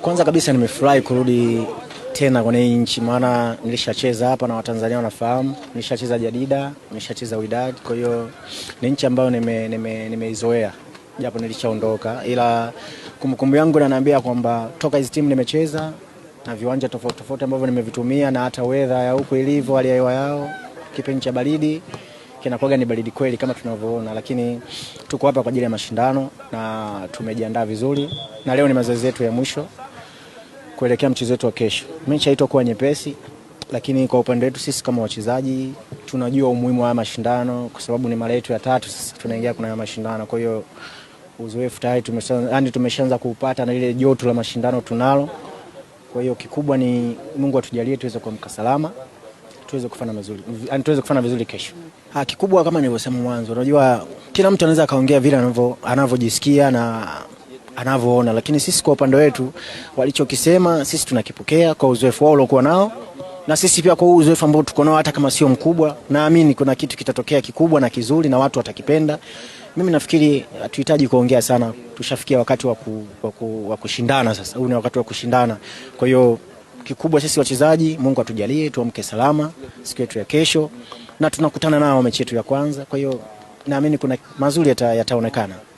Kwanza kabisa nimefurahi kurudi tena kwenye hii nchi, maana nilishacheza hapa na Watanzania wanafahamu, nilishacheza Jadida, nilishacheza Widad. Kwa hiyo ni nchi ambayo nimeizoea, nime, nime japo nilishaondoka, ila kumbukumbu yangu inaniambia kwamba toka hizi timu nimecheza na viwanja tofauti tofauti ambavyo nimevitumia na hata weather ya huko ilivyo, hali ya hewa yao, kipindi cha baridi kinakuwa ni baridi kweli kama tunavyoona, lakini tuko hapa kwa ajili ya mashindano na tumejiandaa vizuri, na leo ni mazoezi yetu ya mwisho kuelekea mchezo wetu wa kesho. Mechi haitakuwa nyepesi, lakini kwa upande wetu sisi kama wachezaji tunajua umuhimu wa mashindano kwa sababu ni mara yetu ya tatu sasa tunaingia kuna mashindano. Kwa hiyo uzoefu tayari yani tumeshaanza kuupata na ile joto la mashindano tunalo. Kwa hiyo kikubwa ni Mungu atujalie tuweze kuamka salama tuweze kufanya mazuri, yani tuweze kufanya vizuri kesho. Ha, kikubwa kama nilivyosema mwanzo, unajua kila mtu anaweza akaongea vile anavyo anavyojisikia na anavyoona, lakini sisi kwa upande wetu walichokisema sisi tunakipokea kwa uzoefu wao uliokuwa nao na sisi pia kwa uzoefu ambao tuko nao, hata kama sio mkubwa, naamini kuna kitu kitatokea kikubwa na kizuri na watu watakipenda. Mimi nafikiri hatuhitaji kuongea sana, tushafikia wakati wa kushindana. Sasa huu ni wakati wa kushindana, kwa hiyo Kikubwa sisi wachezaji, Mungu atujalie tuamke salama siku yetu ya kesho, na tunakutana nao mechi yetu ya kwanza. Kwa hiyo naamini kuna mazuri yataonekana yata